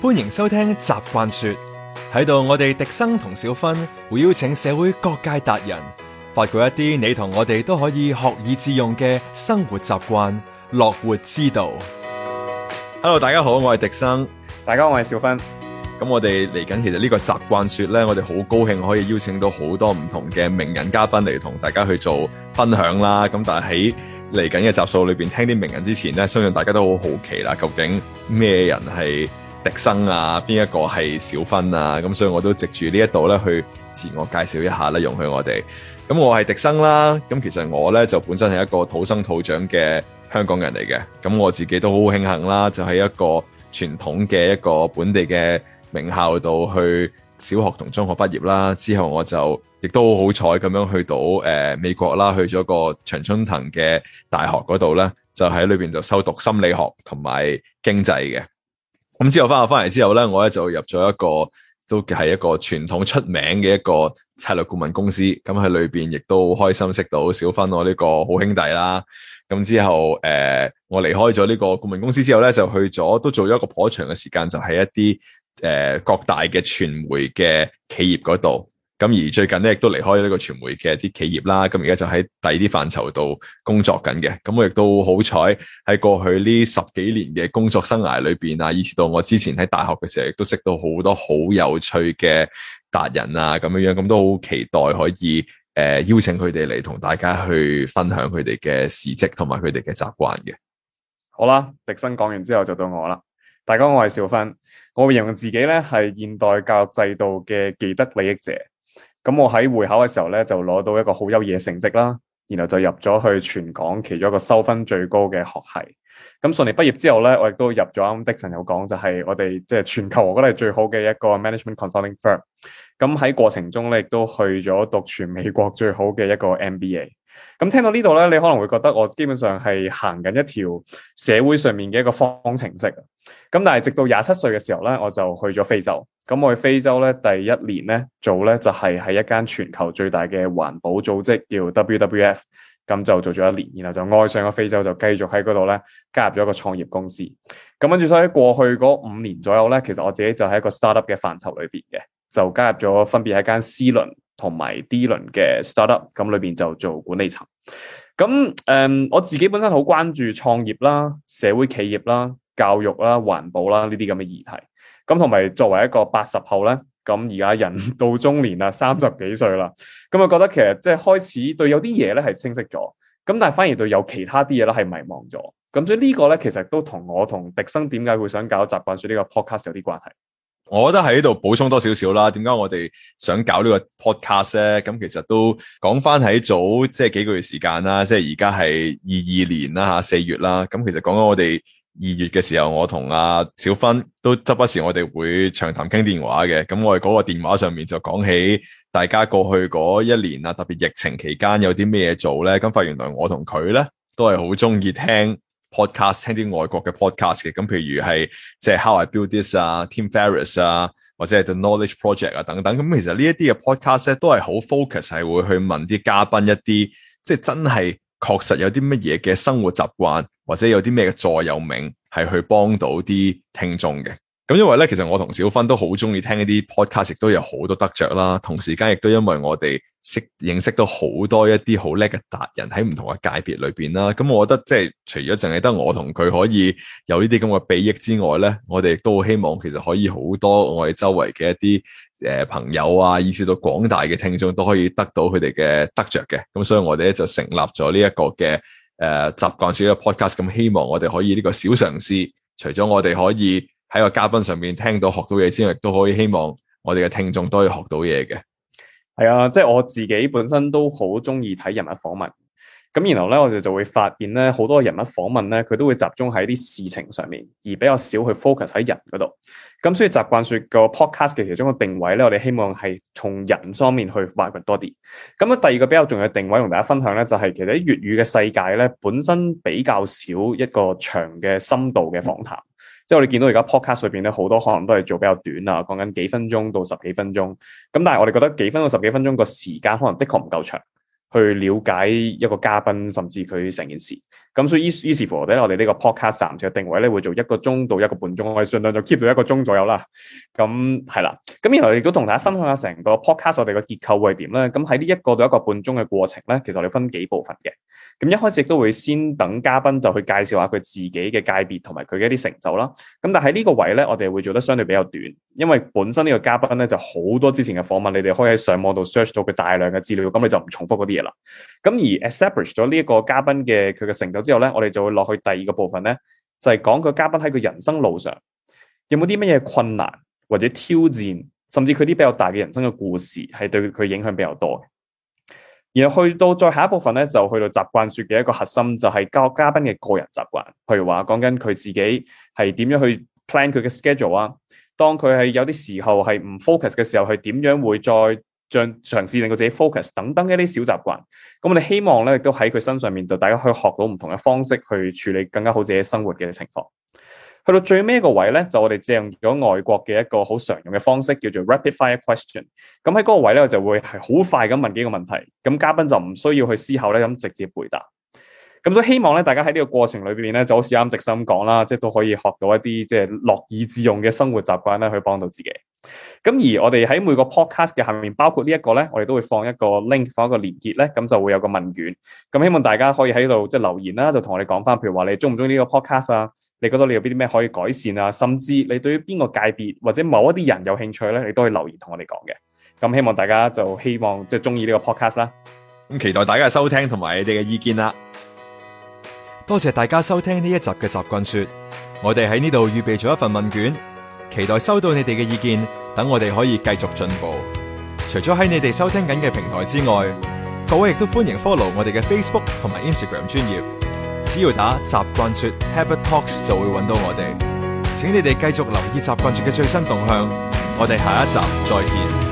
歡迎收聽習慣說，喺度我哋廸生同小芬會邀請社會各界達人，發掘一啲你同我哋都可以學以致用嘅生活習慣、樂活之道。Hello，大家好，我係廸生，大家我係小芬。咁我哋嚟緊其實呢個習慣說呢，我哋好高興可以邀請到好多唔同嘅名人嘉賓嚟同大家去做分享啦。咁但係喺嚟緊嘅集數裏邊聽啲名人之前呢，相信大家都好好奇啦，究竟咩人係？迪生啊，邊一個係小芬啊？咁所以我都藉住呢一度咧，去自我介紹一下啦，容許我哋。咁我係迪生啦。咁其實我咧就本身係一個土生土長嘅香港人嚟嘅。咁我自己都好慶幸啦，就喺一個傳統嘅一個本地嘅名校度去小學同中學畢業啦。之後我就亦都好好彩咁樣去到誒、呃、美國啦，去咗個長春藤嘅大學嗰度咧，就喺裏邊就修讀心理學同埋經濟嘅。咁之後翻學翻嚟之後咧，我咧就入咗一個都係一個傳統出名嘅一個策略顧問公司，咁喺裏邊亦都開心識到小芬我呢個好兄弟啦。咁之後誒、呃，我離開咗呢個顧問公司之後咧，就去咗都做咗一個頗長嘅時間，就喺、是、一啲誒、呃、各大嘅傳媒嘅企業嗰度。咁而最近咧，亦都離開呢個傳媒嘅一啲企業啦。咁而家就喺第二啲範疇度工作緊嘅。咁我亦都好彩喺過去呢十幾年嘅工作生涯裏邊啊，以至到我之前喺大學嘅時候，亦都識到好多好有趣嘅達人啊，咁樣樣咁都好期待可以誒、呃、邀請佢哋嚟同大家去分享佢哋嘅事蹟同埋佢哋嘅習慣嘅。好啦，廸生講完之後就到我啦。大家，我係小芬，我形容自己咧係現代教育制度嘅既得利益者。咁我喺會考嘅時候咧，就攞到一個好優異嘅成績啦，然後就入咗去全港其中一個收分最高嘅學系。咁順利畢業之後咧，我亦都入咗，剛剛 Dickson 有講就係、是、我哋即係全球我覺得係最好嘅一個 management consulting firm。咁喺過程中咧，亦都去咗讀全美國最好嘅一個 MBA。咁聽到呢度咧，你可能會覺得我基本上係行緊一條社會上面嘅一個方程式。咁但係直到廿七歲嘅時候咧，我就去咗非洲。咁我去非洲咧，第一年咧做咧就係、是、喺一間全球最大嘅環保組織叫 WWF。咁就做咗一年，然後就愛上咗非洲，就繼續喺嗰度咧加入咗個創業公司。咁跟住所以過去嗰五年左右咧，其實我自己就喺一個 startup 嘅範疇裏邊嘅，就加入咗分別喺間 C 輪同埋 D 輪嘅 startup，咁裏邊就做管理層。咁誒、嗯，我自己本身好關注創業啦、社會企業啦、教育啦、環保啦呢啲咁嘅議題。咁同埋作為一個八十後咧。咁而家人到中年啦，三十幾歲啦，咁啊覺得其實即係開始對有啲嘢咧係清晰咗，咁但係反而對有其他啲嘢咧係迷惘咗。咁所以呢個咧其實都同我同迪生點解會想搞習慣說呢個 podcast 有啲關係。我覺得喺度補充多少少啦。點解我哋想搞呢個 podcast 咧？咁其實都講翻喺早即係幾個月時間啦，即係而家係二二年啦吓，四月啦。咁其實講緊我哋。二月嘅時候，我同阿小芬都執不時，我哋會長談傾電話嘅。咁我哋嗰個電話上面就講起大家過去嗰一年啊，特別疫情期間有啲咩做咧。咁發現原來我同佢咧都係好中意聽 podcast，聽啲外國嘅 podcast 嘅。咁譬如係即係 How I Built This 啊，啊，Tim Ferris 啊，或者係 The Knowledge Project 啊等等。咁其實呢一啲嘅 podcast 咧都係好 focus，係會去問啲嘉賓一啲，即係真係。確實有啲乜嘢嘅生活習慣，或者有啲咩嘅座右銘，係去幫到啲聽眾嘅。咁因為咧，其實我同小芬都好中意聽一啲 podcast，亦都有好多得着啦。同時間亦都因為我哋識認識到好多一啲好叻嘅達人喺唔同嘅界別裏邊啦。咁、嗯、我覺得即、就、係、是、除咗淨係得我同佢可以有呢啲咁嘅裨益之外咧，我哋亦都希望其實可以好多我哋周圍嘅一啲誒朋友啊，以致到廣大嘅聽眾都可以得到佢哋嘅得着嘅。咁、嗯、所以我哋咧就成立咗呢一個嘅誒習、呃、慣說嘅 podcast，咁、嗯、希望我哋可以呢個小嘗試，除咗我哋可以。喺個嘉賓上面聽到學到嘢之外，都可以希望我哋嘅聽眾都可以學到嘢嘅。係啊，即係我自己本身都好中意睇人物訪問。咁然後咧，我哋就會發現咧，好多人物訪問咧，佢都會集中喺啲事情上面，而比較少去 focus 喺人嗰度。咁所以習慣說個 podcast 嘅其中個定位咧，我哋希望係從人方面去挖掘多啲。咁啊，第二個比較重要嘅定位同大家分享咧，就係其實喺粵語嘅世界咧，本身比較少一個長嘅深度嘅訪談。嗯即係我哋見到而家 Podcast 裏邊咧，好多可能都係做比較短啊，講緊幾分鐘到十幾分鐘。咁但係我哋覺得幾分鐘到十幾分鐘個時間，可能的確唔夠長。去了解一個嘉賓，甚至佢成件事，咁所以於是乎咧，我哋呢個 podcast 站嘅定位咧，會做一個鐘到一個半鐘，我哋盡量就 keep 到一個鐘左右啦。咁係啦，咁然後亦都同大家分享下成個 podcast 我哋嘅結構會係點啦。咁喺呢一個到一個半鐘嘅過程咧，其實我哋分幾部分嘅。咁一開始都會先等嘉賓就去介紹下佢自己嘅界別同埋佢嘅一啲成就啦。咁但喺呢個位咧，我哋會做得相對比較短。因為本身呢個嘉賓咧，就好多之前嘅訪問，你哋可以喺上網度 search 到佢大量嘅資料，咁你就唔重複嗰啲嘢啦。咁而 establish 咗呢一個嘉賓嘅佢嘅成就之後咧，我哋就會落去第二個部分咧，就係講佢嘉賓喺佢人生路上有冇啲乜嘢困難或者挑戰，甚至佢啲比較大嘅人生嘅故事，係對佢影響比較多。然後去到再下一部分咧，就去到習慣說嘅一個核心，就係教嘉賓嘅個人習慣，譬如話講緊佢自己係點樣去 plan 佢嘅 schedule 啊。當佢係有啲時候係唔 focus 嘅時候，係點樣會再像嘗試令到自己 focus 等等一啲小習慣。咁我哋希望咧，亦都喺佢身上面，就大家可以學到唔同嘅方式去處理更加好自己生活嘅情況。去到最尾一個位咧，就我哋借用咗外國嘅一個好常用嘅方式，叫做 rapid fire question。咁喺嗰個位咧，我就會係好快咁問幾個問題。咁嘉賓就唔需要去思考咧，咁直接回答。咁所以希望咧，大家喺呢個過程裏邊咧，就好似啱廸生講啦，即係都可以學到一啲即係樂以致用嘅生活習慣咧，去幫到自己。咁而我哋喺每個 podcast 嘅下面，包括呢一個咧，我哋都會放一個 link，放一個連結咧，咁就會有個問卷。咁希望大家可以喺度即係留言啦，就同我哋講翻，譬如話你中唔中意呢個 podcast 啊？你覺得你有邊啲咩可以改善啊？甚至你對於邊個界別或者某一啲人有興趣咧，你都可以留言同我哋講嘅。咁希望大家就希望即係中意呢個 podcast 啦。咁期待大家嘅收聽同埋你哋嘅意見啦。多謝大家收聽呢一集嘅習慣說，我哋喺呢度預備咗一份問卷，期待收到你哋嘅意見，等我哋可以繼續進步。除咗喺你哋收聽緊嘅平台之外，各位亦都歡迎 follow 我哋嘅 Facebook 同埋 Instagram 專頁，只要打習慣說 Habit Talks 就會揾到我哋。請你哋繼續留意習慣說嘅最新動向，我哋下一集再見。